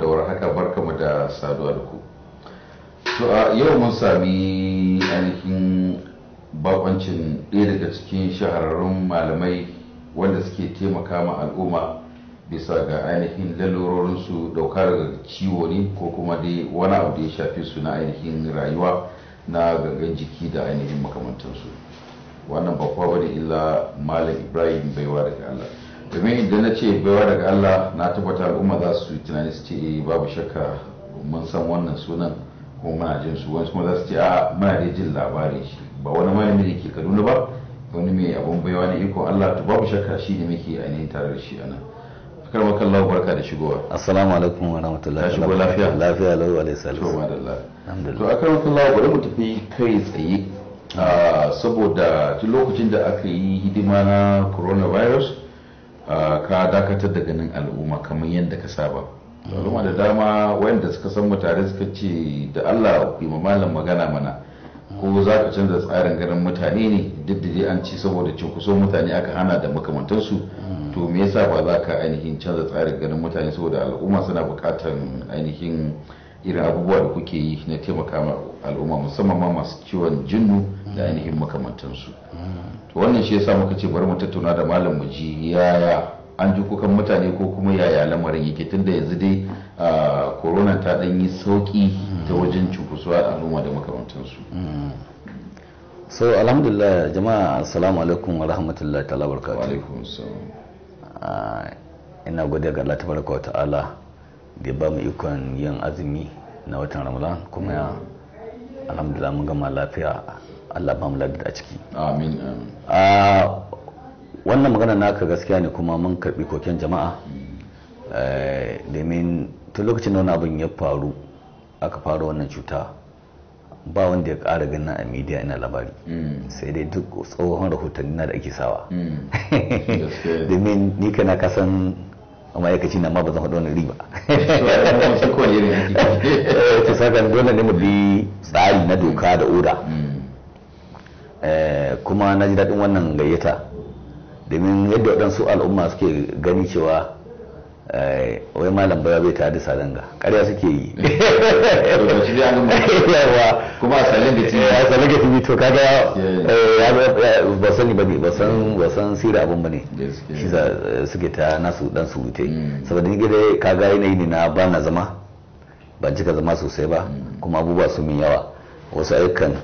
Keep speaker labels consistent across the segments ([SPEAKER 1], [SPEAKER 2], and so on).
[SPEAKER 1] da warhaka barkamu da saduwa da ku to a yau mun sami ainihin bakoncin ɗaya daga cikin shahararrun malamai wanda suke taimaka ma al'umma bisa ga ainihin lalurorinsu dauka daga ciwo ne ko kuma dai wani abu da ya shafi su na ainihin rayuwa na gangan jiki da ainihin makamantansu wannan ba kowa illa malam ibrahim baiwa daga allah domin idan na ce baiwa daga Allah na tabbata al'umma za su tunani su ce eh, babu shakka mun san wannan sunan kuma muna jin su wani kuma za su ce a muna da jin labari shi ba wani malami ne ke kaduna ba wani mai abun baiwa ne iko Allah to babu shakka shi ne muke nan tare da shi nan fakar maka Allah barka da shigowa assalamu alaikum wa rahmatullahi wa shigo lafiya lafiya lau alaihi salam to madalla to akar maka Allah bari mu tafi kai tsaye ah, saboda tun lokacin da aka yi hidima na coronavirus ka dakatar da ganin al'umma kamar yadda ka saba al'umma da dama wayanda suka san mutane suka ce da Allah ku malam magana mana ko za ka canza tsarin ganin mutane ne duk da dai an ci saboda cunkoson mutane aka hana da makamantansu mm. to me yasa ba za ka ainihin canza tsarin ganin mutane saboda al'umma suna bukatan ainihin irin abubuwa da kuke yi na taimaka al'umma musamman ma masu ciwon jinnu da mm. ainihin makamantansu mm. to wannan shi yasa muka ce bari mu tattauna da malam mu ji yaya an ji kukan mutane ko kuma yaya lamarin yake tunda yanzu dai corona ta dan yi sauki ta wajen cunkusuwa al'umma da makamantansu mm. so alhamdulillah jama'a assalamu alaikum wa rahmatullahi ta'ala barakatuh wa alaikum ina godiya ga Allah tabaraka wa ta'ala da ba mu ikon yin azumi na watan Ramadan kuma mm. alhamdulillah mun gama lafiya Allah ba mu ladda a ciki amin a wannan magana naka gaskiya ne kuma mun karɓi koken jama'a mm. eh, domin tun lokacin da wani abin ya faru aka fara wannan cuta ba wanda ya ƙara ganin a media ina labari mm. sai dai duk tsohon rahotanni na da ake sawa mm. domin ni kana kasan ma'aikaci na ma ba zan faɗi wani riba eh, to sakan dole ne mu bi tsari na doka da oda Eh, kuma na ji daɗin wannan gayyata domin yadda waɗansu al'umma suke gani cewa eh, wai malam baya bai tare da salanga ƙarya suke yi kuma a salanga tv eh, a salanga tv to kaga ba sani ba ne ba san sira abin ba ne shi suke ta nasu dan surute hmm. saboda ni gida kaga yanayi ne na ba na zama ban cika zama sosai ba hmm. kuma abubuwa sun min yawa wasu ayyukan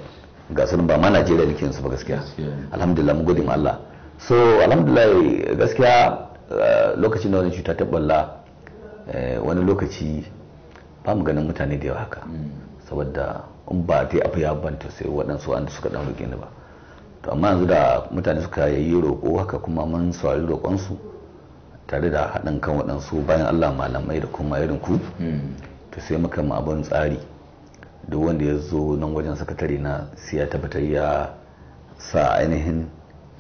[SPEAKER 1] ga sun ba ma najeriya nake su ba gaskiya alhamdulillah mu gode ma allah so alhamdulillah gaskiya eh, lokacin da wani cuta ta balla eh, wani lokaci ba mu ganin mutane da yawa haka mm. saboda in ba ta abu ya banta sai waɗansu wanda suka ɗan roƙe ni ba to amma yanzu da mutane suka yi roƙo haka kuma mun saurari roƙonsu tare da haɗin kan waɗansu bayan allah malamai da kuma irin ku mm. to sai muka ma abin tsari duk wanda ya zo nan wajen sakatare na ya tabbatar ya sa ainihin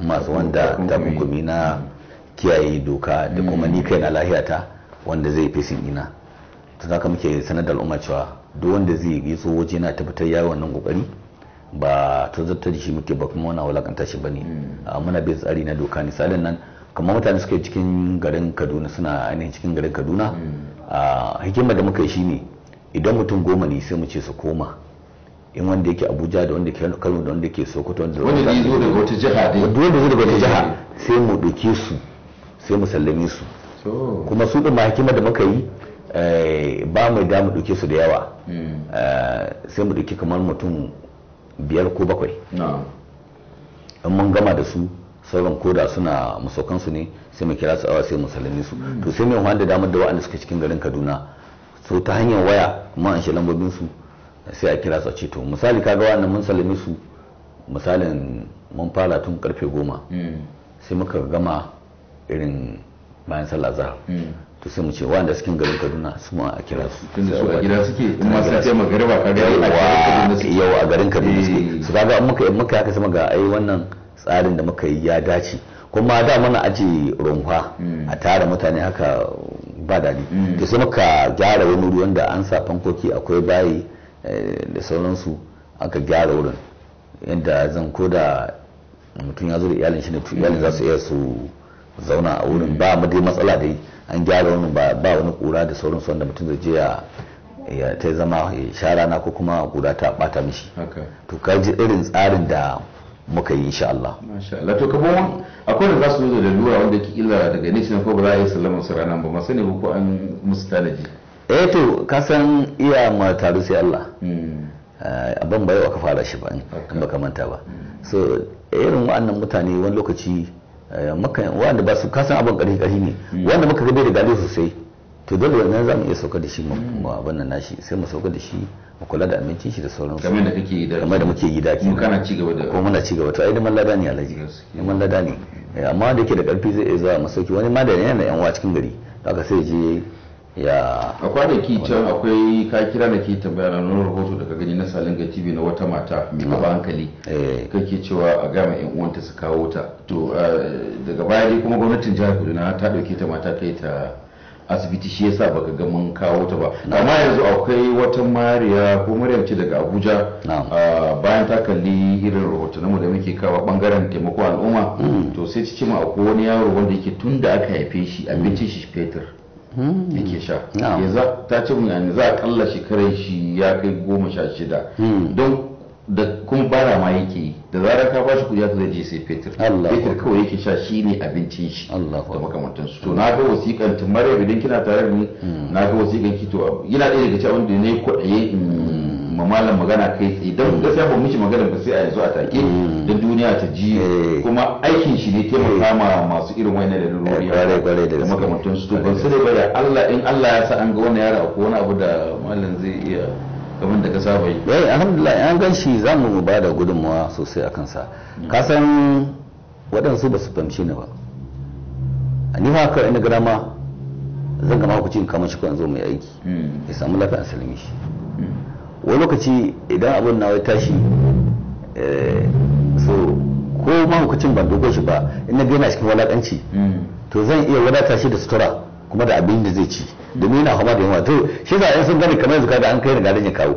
[SPEAKER 1] masu wanda ta kukumi na kiyaye doka da kuma hmm. ni kai na lahiyata wanda zai fesin ina za haka muke sanar da al'umma cewa duk wanda zai yi so waje na tabbatar ya wannan kokari ba ta zartar da shi muke ba kuma wani walakanta shi ne. Hmm. Ah, muna bin tsari na doka misalin nan kamar mutane suka yi cikin garin kaduna suna ainihin cikin garin kaduna hmm. ah, hikimar da muka yi ne. idan mutum goma ne sai mu ce su koma in wanda yake abuja da wanda ke kano da wanda ke sokoto wanda zai zo daga wata jiha dai wanda zai zo wata jiha sai mu doke su sai mu sallame su kuma su ɗin mahakima da muka yi eh, ba mai da mu ɗauke su da yawa hmm. eh, sai mu doke kamar mutum biyar ko bakwai in mun gama da su sauran koda suna musaukansu ne sai mu kira su awa sai mu sallame su hmm. to sai mai wanda damar da wa'anda suka cikin garin kaduna so ta hanyar waya kuma an shi lambobin su sai a kira su a ceto misali kaga wannan mun salame su misalin mun fara tun karfe goma mm. sai muka gama irin bayan sallah za mm. to sai mu ce wanda suke garin kaduna su ma a kira su tunda su a gida suke kuma sai ce magariba ka ga Yau a garin kaduna suke eh. su kaga muka yi muka haka sama ga ai wannan tsarin da muka yi ya dace kuma da muna aje rumfa mm. a tare mutane haka ba daɗi mm. ta sai gyara wani ruwan da an sa fankoki akwai bayi eh, da sauransu aka gyara wurin yadda zan ko da mutum ya zo da iyalin shi ne iyalin za su iya su zauna a wurin ba mu dai matsala dai an gyara wani ba wani kura da sauransu wanda mutum zai je ya ta zama sha rana ko kuma kura ta bata mishi to ka ji irin tsarin da muka yi insha Allah. Masha Allah to kamar akwai da za su zo da lura wanda ke illa daga nesa ko ba za a yi sallama su ranar ba masu ne ko an musu tanaji. Eh to ka san iya ma taru sai Allah. Hmm. Eh, abin ba yau aka fara shi ba in ba manta ba. Hmm. So irin wa'annan mutane wani lokaci eh, wanda ba su kasan abin ƙarfi ƙarfi ne hmm. wanda muka gabe da gado sosai to dole ne za mu iya sauka da shi mu abin nan nashi sai mu sauka da shi mu kula da aminci shi da sauran kamar da kake yi da kamar da muke yi da kana ci gaba da ko muna ci gaba to ai neman lada ne alaji neman lada ne eh, amma da yake da karfi zai iya zuwa masauki wani ma da yana da yan uwa cikin gari haka sai je ya a kwanaki can akwai ka kira da ke tambaya na wani rahoto daga gani na salinga tv na wata mata mai gaba hankali eh. kake cewa a gama yan uwanta su kawo ta to eh, daga baya dai kuma gwamnatin jihar kaduna ta dauke ta mata kai ta asibiti shi yasa baka ga mun kawo ta ba amma yanzu akwai wata mariya ko maryam ce daga abuja ah, bayan ta kalli irin rahotonamu da muke kawo bangaren taimako al'umma hmm. to sai ci ma akwai wani yaro wanda yake tun da aka haife shi abincin shi fetur hmm. yake sha ta ce mun yanzu za a kalla shekarar shi ya kai goma sha shida hmm. don da kuma bara ma yake yi da zarar ka bashi kuɗi zai je sai fetur fetur kawai yake sha shi ne abincin shi da makamantan su to na ga wasiƙan tun maryam idan kina tare da ni hmm. na ga wasiƙan ki to yana ɗaya daga cewa da ne kwaɗaye hmm. ma malam magana kai tsaye don hmm. gaskiya ba mishi magana ba sai a yanzu a take da duniya ta ji eh. kuma aikin shi ne taimaka ma masu irin wannan eh, da lurori da makamantan su to ban sai da Allah in Allah ya sa an ga wani yara ko wani abu da mallan zai iya abin da ka saba yi wai eh, alhamdulillah an gan shi za mu ba da gudunmawa sosai a kansa ka san waɗansu ba su fahimci ni ba a ni haka ina gara ma zan gama kucin kamar shi zo mai aiki hmm. ya samu lafiya a salmi shi hmm. wani lokaci idan abin na wai tashi eh, so ko ma ban dogon shi ba ina gaina cikin walakanci hmm. to zan iya wadata shi da sutura kuma da abin da zai ci domin yana fama da yawa. to shi za a sun gani kamar yanzu kaga an kai riga yin kawo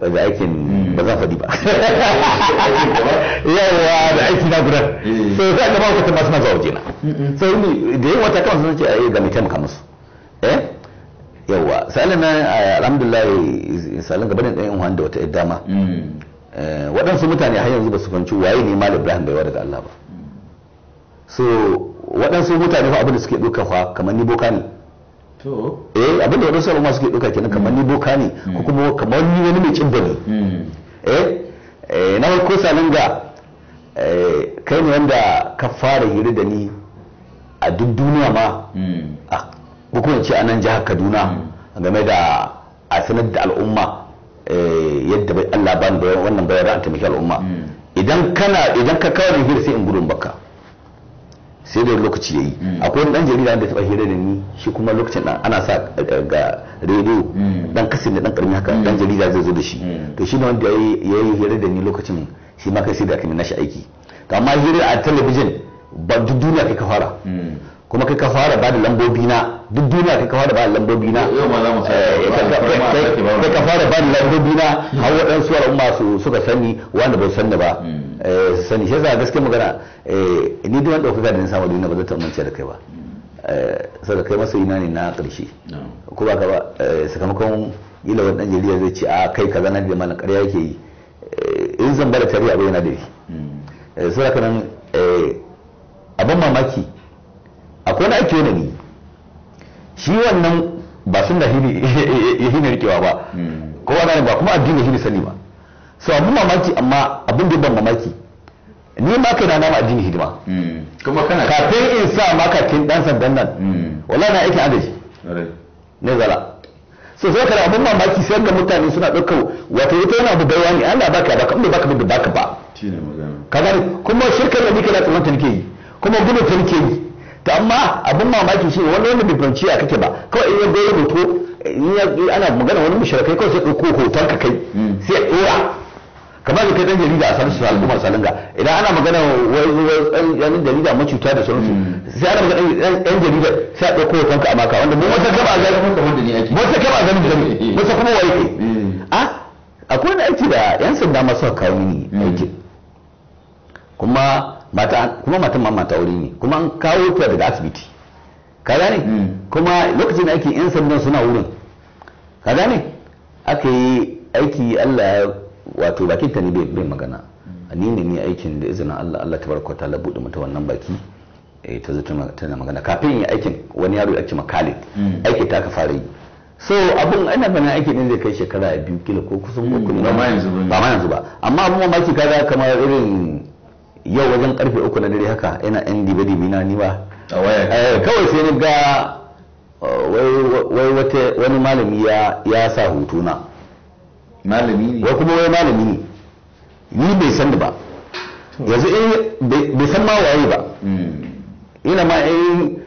[SPEAKER 1] da aikin ba zan faɗi ba
[SPEAKER 2] yawa da aiki na gudan
[SPEAKER 1] eh. so za ka ba ku tabbas na zuwa wajena so da yawa ta kawo sun ce yi ga mai taimaka musu eh yawa salin nan eh, alhamdulillah salin gaba da ɗayan da wata dama mm. eh, waɗansu mutane har yanzu ba su kwanci waye ne malam ibrahim bai daga allah ba mm. so waɗansu mutane fa abin da suke ɗauka fa kamar ni boka ne eh abin da waɗansu al'umma suke ɗauka kenan kamar ni boka ne ko mm. kuma kamar ni wani mai cibba ne mm. eh, eh na farko salon ga eh, kai ne wanda ka fara hiri da ni a duk duniya ma mm. a hukumance a nan jihar kaduna game da a sanar da al'umma eh, yadda bai Allah ban wannan bayan ra'anta miki al'umma idan kana idan ka kawo da sai in gudun baka sai da lokaci ya yi mm. akwai wani dan jarida da taba hira da ni shi kuma lokacin dan ana sa eh, eh, ga rediyo mm. dan kasin da dan karmi haka dan mm. jarida zai zo da shi to shi ne wanda ya yi hira da ni lokacin shi ma kai sai da kan nashi aiki to amma hira a talabijin ba duk duniya kai ka fara kuma kai ka fara ba da lambobi na duk duniya kai ka fara eh, ba da lambobi na kai ka fara ba da lambobi na hmm. har waɗansu al'umma su suka sani wanda bai sani ba hmm. eh, sani shi yasa gaskiya magana eh, ni duk wanda kuka da ni samu duniya ba zai taɓa da kai ba saboda kai masa ina ne na ƙarshe ko ba ka ba sakamakon ila wani ɗan jarida zai ce a ah, kai kaza na da mana ƙarya yake yi in zan bada tarihi abu yana da shi hmm. saboda kanan abin mamaki akwai na ake ni shi wannan ba sun da hini rikewa ba kowa na ba kuma addini hini sani ba so abin mamaki amma abin da ban mamaki ni ma kai na nama addini hidima hmm. kuma kana kafin in sa ma kafin dan sandan nan hmm. wallahi na aikin agaji ne zala so sai kana abin mamaki sai ga mutane suna dauka wato ita yana da baiwa ne Allah baka baka in baka da baka ba shine magana kuma shirkar da nake na tsamanta nake yi kuma gudu ta nake yi to amma abin mamaki shi wani wanda bai fahimci kake ba kawai in ya goyi hoto ana magana wani mushrikai kawai sai ɗauko hoton ka kai hmm. sai a ɗora kamar da kai ɗan jarida a sanar su al'ummar salinga idan ana magana wani ɗan jarida macuta da sauransu hmm. sai ana magana ɗan jarida sai a ɗauko hoton ka a maka wanda mun wata gaba a zai wata gaba a zai zai wata hmm. kuma waye kai a ah, akwai wani aiki da yan sanda masu kawo ni aiki kuma mata kuma matan ma mata aure ne kuma an kawo ta daga asibiti ka gane hmm. kuma lokacin da ake yan sandan suna wurin ka gane aka yi aiki Allah wato bakin ta ne bai magana hmm. ni ne ni aikin da izinin Allah Allah tabaraka ta bude mata wannan baki eh ta zato tana magana kafin yi aikin wani yaro ya ce Khalid hmm. aiki ta ka fara yi so abin ana fana aikin ne zai kai shekara biyu kila ko kusan uku ba ma yanzu ba amma abin mamaki kaga kamar irin yau wajen karfe uku na dare haka yana yan dibe dibe na ni ba eh, kawai sai ni ga uh, wai wani malami ya sa hutuna malami ne wai kuma wai malami ne ni bai san ba yanzu eh, in bai san ma waye ba hmm. ina ma in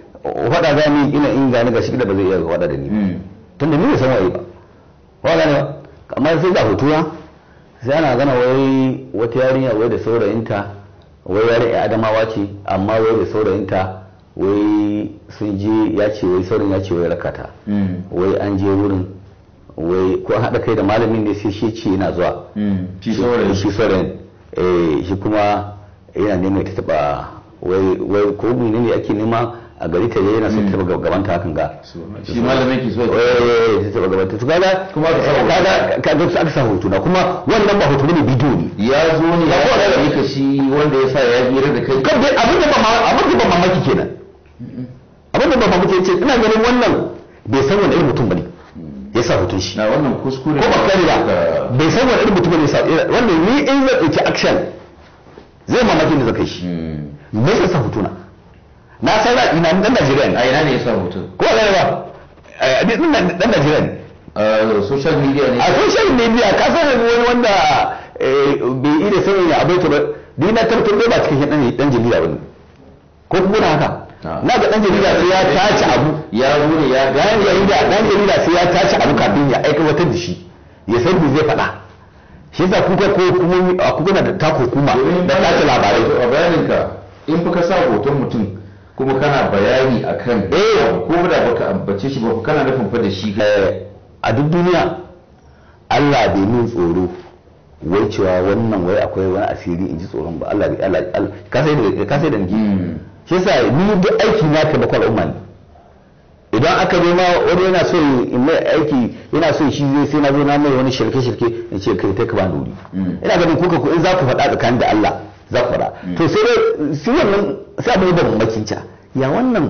[SPEAKER 1] faɗa gani ina in gani ga shi da ba zai iya faɗa da ni hmm. tunda ni bai san waye ba wala ne amma sai da hutuna sai ana gana wai wata yarinya wai da saurayinta wai yare ya adamawa ce amma wai da ta wai sun je ya ce wai saurin ya ce wai rakata mm. wai an je wurin wai ko haɗa kai da malamin ne sai shi ce yana zuwa mm. shi saurayin shi eh, kuma yana neman ta taɓa wai ko ne ake nema a gari ta yana son taba gaban ta hakan ga shi malamin ki so eh taba gaban ta kaga kuma kaga kaga aka sa hoto na kuma wannan ba hoto ne bidiyo ne ya zo ne ya fara da yake shi wanda ya sa ya jira da kai kan dai abin da ba abin da ba mamaki kenan abin da ba mamaki ce ina ganin wannan bai san wani irin mutum bane ya sa hoton shi na wannan kuskure ko ba da ba bai san wani irin mutum bane ya sa eh, wannan ni in zan dauki action zai mamaki ne zaka shi mm. me yasa hotuna na san raɗi na dan Najeriya ne a ina ne ya sa hoto ko ba ba a dan Najeriya ne social media ne a social media ka san wani wanda eh, bai iya sanin ya abaita ba ni na tabbatar ba cikin dan dan jarida bane ko kuma na haka na ga dan jarida sai ya tace abu ya rure ya gane jarida dan jarida sai ya tace abu kafin ya aika wata dishi ya san me zai faɗa shi yasa kuka ko kuma kuka na da tako kuma da tace labarai a bayaninka in kuka sa hoton mutum kuma kana bayani akan eh ko da baka ambace shi ba kana nufin fa da shi eh, a duk duniya Allah bai min tsoro wai cewa wannan wai akwai wani asiri in ji tsoron ba Allah bai Allah ka sai da ni hmm. shi yasa ni duk aiki na ka bakwal umma ne idan aka zo ma wani yana so in mai aiki yana so shi zai sai na zo na mai wani shirke shirke in ce kai ta ka ba ni wuri hmm. ina ganin kuka ko in za ku faɗa tsakanin da Allah za ku mm. to sai dai shi wannan sai abin da mamakin ta ya wannan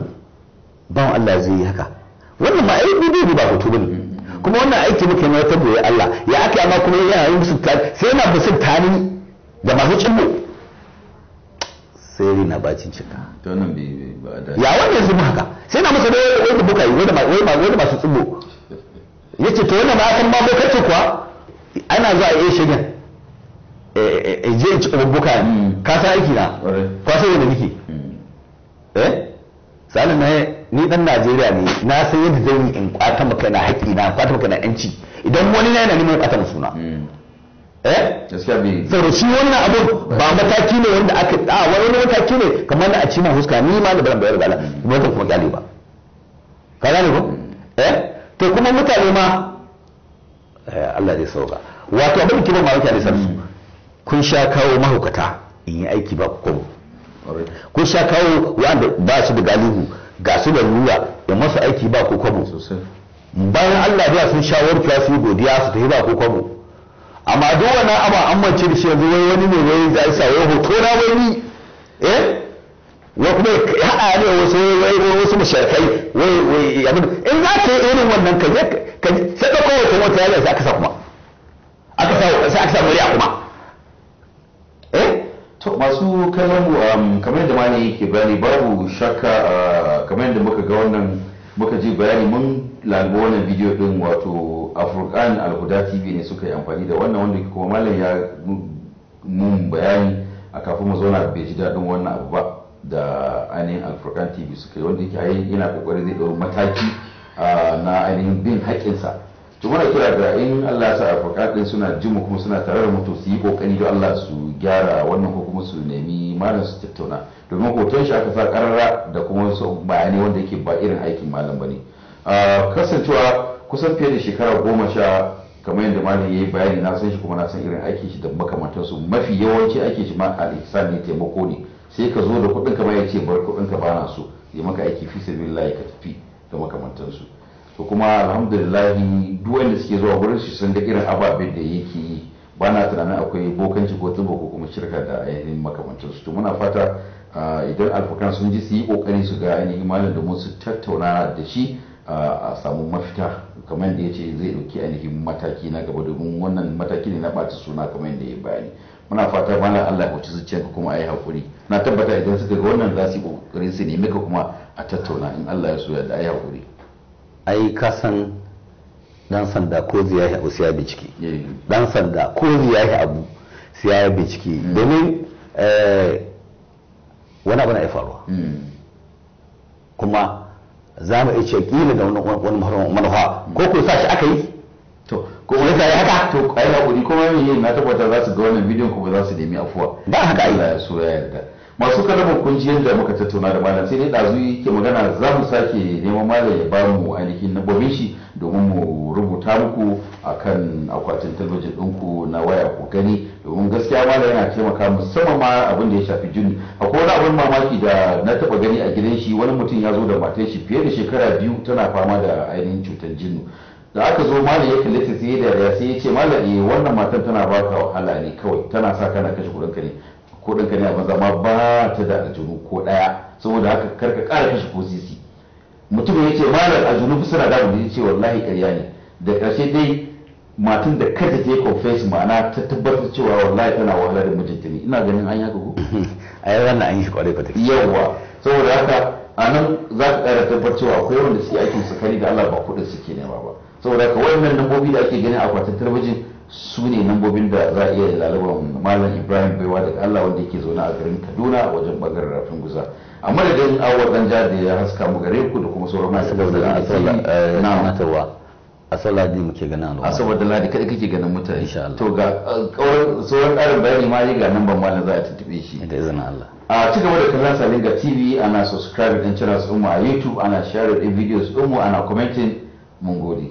[SPEAKER 1] ban Allah zai yi haka wannan ma ai bi ba hoto bane mm. kuma wannan aiki muke na ta goyi Allah ya aka amma kuma yana yin musu sai yana ta tani da masu cimmo sai na bacin cika ya wannan mu haka sai na masa dai wai da bukai wai da masu tsibbo yace to wannan ma kan ma bokace kuwa ana za a yi shigan je ci abubuka ka san aiki na ka san yadda nake hmm. eh sanin na ni dan Najeriya ne na san yadda zan yi in kwata maka na haƙi na kwata maka na yanci idan wani na yana neman kwata maka suna hmm. eh gaskiya bi saboda shi wannan abu ba mataki ne wanda aka a wani mataki ne kamar da a ci ma huska ni ma da bayar da Allah ba ta kuma kyale ba ka gane ko hmm. eh to kuma mutane ma eh, Allah zai sauka wato abin kiban ma mutane sarsu kun sha kawo mahaukata in yi aiki ba ku kun sha kawo wanda ba su da galihu ga su da lura da masu aiki ba ku kwabo bayan Allah biya sun shawarta su godiya su tafi ba ku kwabo amma duk wani ama an mace da shi yanzu wai wani ne wai zai sa wai hoto na wani eh wa kuma ya haɗa ne wasu wai wasu mushrikai wai wai abin in za ka yi irin wannan ka ka sadaka hoton wata ya za ka sa kuma aka sa aka sa murya kuma masu kallon um, kamar yadda ma ne yake bayani babu shakka uh, kamar yadda muka ga wannan muka ji bayani mun lalbo wannan bidiyo din wato afirkan alhuda tv ne suka yi amfani da wannan wanda kuma malam ya mun bayani a kafin mu zauna bai ji daɗin wannan abu ba da ainihin alfurkan tv suka yi wanda yake yana kokari zai ɗauri mataki uh, na ainihin bin haƙƙinsa to mana kira ga in Allah ya sa a din suna jimu mu kuma suna tare da mutu su yi kokari da Allah su gyara wannan ko kuma su nemi malam su tattauna domin hoton shi aka sa karara da kuma wasu bayanai wanda yake ba irin aikin malam bane ah, kasancewa kusan fiye da shekara goma sha kamar yadda malam ya yi bayani na san shi kuma na san irin aikin shi da makamantansu mafi yawanci ake shi ma al'ihsan ne taimako ne sai ka zo da kuɗin ka ma ya ce bar kuɗin ka ba na so ya maka aiki fi sabilillah ka tafi da makamantansu to kuma alhamdulillah duk wanda suke zuwa gurin shi sun ga irin ababen da yake yi ba na tunanin akwai bokanci ko tuba ko kuma shirka da ainihin makamantansu to muna fata idan alfakan sun ji su yi kokari su ga ainihin malam da mun su tattauna da shi a samu mafita kamar da ya ce zai dauki ainihin mataki na gaba domin wannan mataki ne na ɓata suna kamar yadda ya bayani muna fata mana Allah ya zuciya ka kuma ayi hakuri na tabbata idan suka ga wannan za su yi kokarin su nemi ka kuma a tattauna in Allah ya so ya da ayi hakuri ai kasan dan sanda ko ziyahi abu siya bincike dan sanda ko ziyahi abu siya bincike domin eh, wani abu na ya faruwa kuma za mu iya kila da wani manufa ko ko sa shi aka yi to ko wani sai haka to ai hakuri kuma yayin na tabbata za su ga wannan bidiyon ko ba za su nemi afuwa ba haka Allah ya so ya yarda masu kalabar kungiyar da muka tattauna da malam sai dai ɗazu yake magana za mu sake neman malam ya ba mu ainihin nabobin shi domin mu rubuta muku akan akwatin talabijin ɗinku na waya ku gani domin gaskiya malam yana taimaka musamman ma abin da ya shafi jini akwai wani abin mamaki da na taɓa gani a gidan shi wani mutum ya zo da matan shi fiye da shekara biyu tana fama da ainihin cutar jinnu da aka zo malam ya kalli ta sai da ya sai ya ce malam eh, wannan matan tana baka wahala ne kawai tana sa kana kashe kuɗinka ne ko ɗanka ne a banza ba ta da aljanu ko ɗaya saboda haka karka ƙara kashe ko sisi mutum ya ce malar aljanu fi suna damu ya ce wallahi ƙarya ne da ƙarshe dai matan da kada ta yi confess ma'ana ta tabbatar cewa wallahi tana wahala da mijinta ne ina ganin an yaka ko a yi wannan an yi shi kwarai fata yawwa saboda haka a nan za ka ƙara tabbatar cewa akwai wanda suke aikin su kari da Allah ba kuɗin suke nema ba saboda haka wannan dabbobi da ake ganin akwatin talabijin su ne lambobin da za a iya lalaban malam ibrahim baiwa da allah wanda yake zaune a garin kaduna a wajen bangaren rafin guza a madadin awar danja da ya haska mu gare ku da kuma sauran masu gaba da eh, na asala ne muke ganin al'umma asabar da ladi kada kake ganin mutane to ga eh, sauran karin bayani ma yi ga nan ban malam za a tuntube shi da izinin allah a ci gaba da kallon ga tv ana subscribe din cira su mu a youtube ana share din videos din ana commenting mun gode